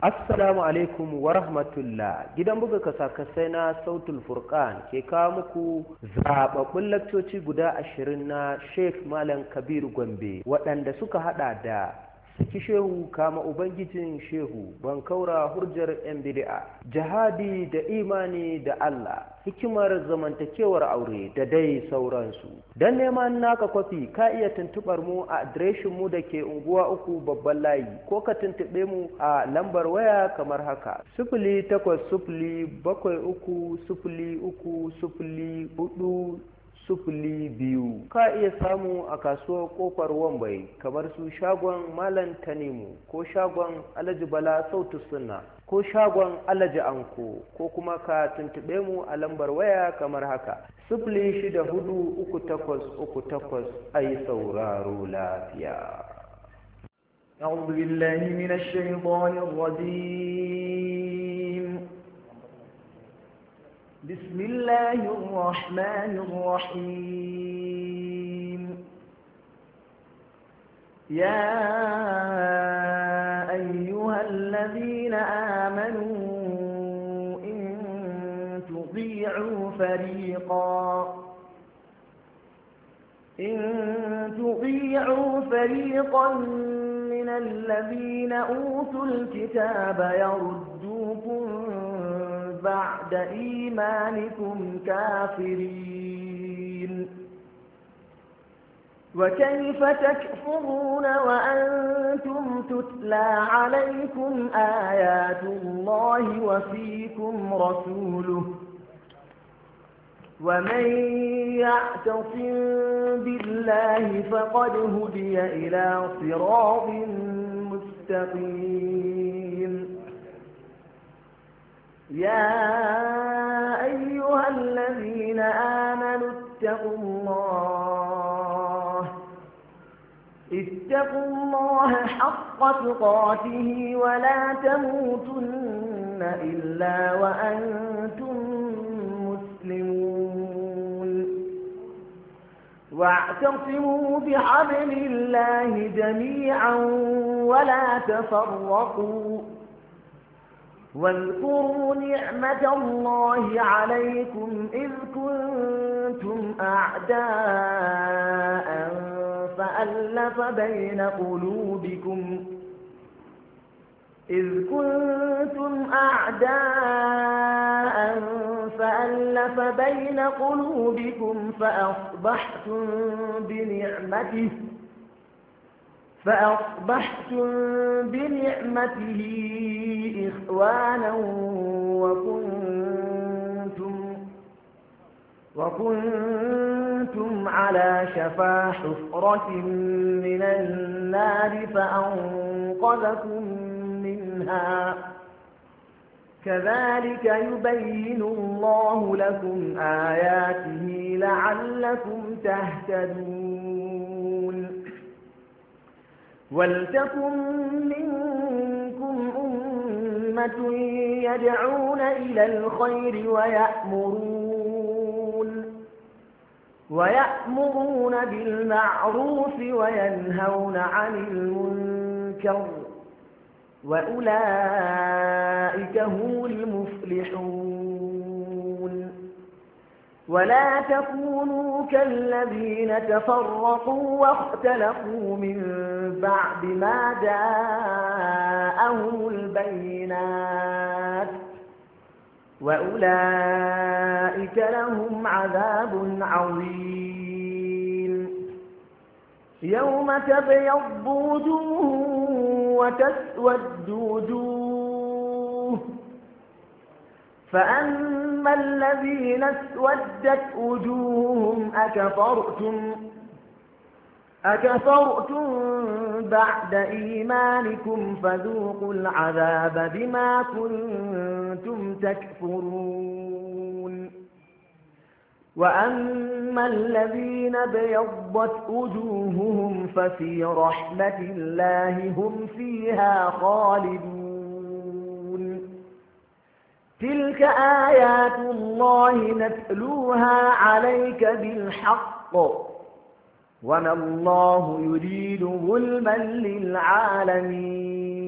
Assalamu alaikum wa rahmatullah gidan buga kasakasai na sautul furqan ke kawo muku zababbun lakcoci guda ashirin na Sheikh Malam Kabir Gombe waɗanda suka hada da saki shehu kama ubangijin shehu ban kaura hurjar yan bid'a jihadi da imani da Allah hikimar zamantakewar aure da dai sauransu don neman naka kwafi ka iya tuntubar mu a adireshin mu da ke unguwa uku babban layi ko ka tuntube mu a lambar waya kamar haka sufuli takwas sufuli bakwai uku sufuli uku sufuli hudu sufuli biyu ka iya samu a kasuwar kofar wambai kamar su shagon malam tanimu ko shagon alaji bala sautu sunna ko shagon alaji anko ko kuma ka tuntube mu a lambar waya kamar haka sufuli shida hudu uku takwas uku takwas a yi sauraro lafiya أعوذ بالله من الشيطان الرجيم بسم الله الرحمن الرحيم يا أيها الذين آمنوا إن تطيعوا فريقا إن تطيعوا فريقا من الذين أوتوا الكتاب يردوكم بعد إيمانكم كافرين وكيف تكفرون وأنتم تتلى عليكم آيات الله وفيكم رسوله ومن يعتصم بالله فقد هدي إلى صراط مستقيم يا أيها الذين آمنوا اتقوا الله اتقوا الله حق تقاته ولا تموتن إلا وأنتم مسلمون واعتصموا بحبل الله جميعا ولا تفرقوا واذكروا نعمة الله عليكم إذ كنتم أعداء فألف بين قلوبكم إذ كنتم أعداء فألف بين قلوبكم فأصبحتم بنعمته فأصبحتم بنعمته إخوانا وكنتم وكنتم على شفا حفرة من النار فأنقذكم منها كذلك يبين الله لكم آياته لعلكم تهتدون ولتكن منكم أمة أمة يدعون إلى الخير ويأمرون ويأمرون بالمعروف وينهون عن المنكر وأولئك هم المفلحون ولا تكونوا كالذين تفرقوا واختلفوا من بعد ما جاءهم البينات وأولئك لهم عذاب عظيم يوم تبيض وجوه وتسود وجوه فأما الذين اسودت وجوههم أكفرتم أكفرتم بعد إيمانكم فذوقوا العذاب بما كنتم تكفرون وأما الذين بيضت وجوههم ففي رحمة الله هم فيها خالدون تلك آيات الله نتلوها عليك بالحق وما الله يريد ظلما للعالمين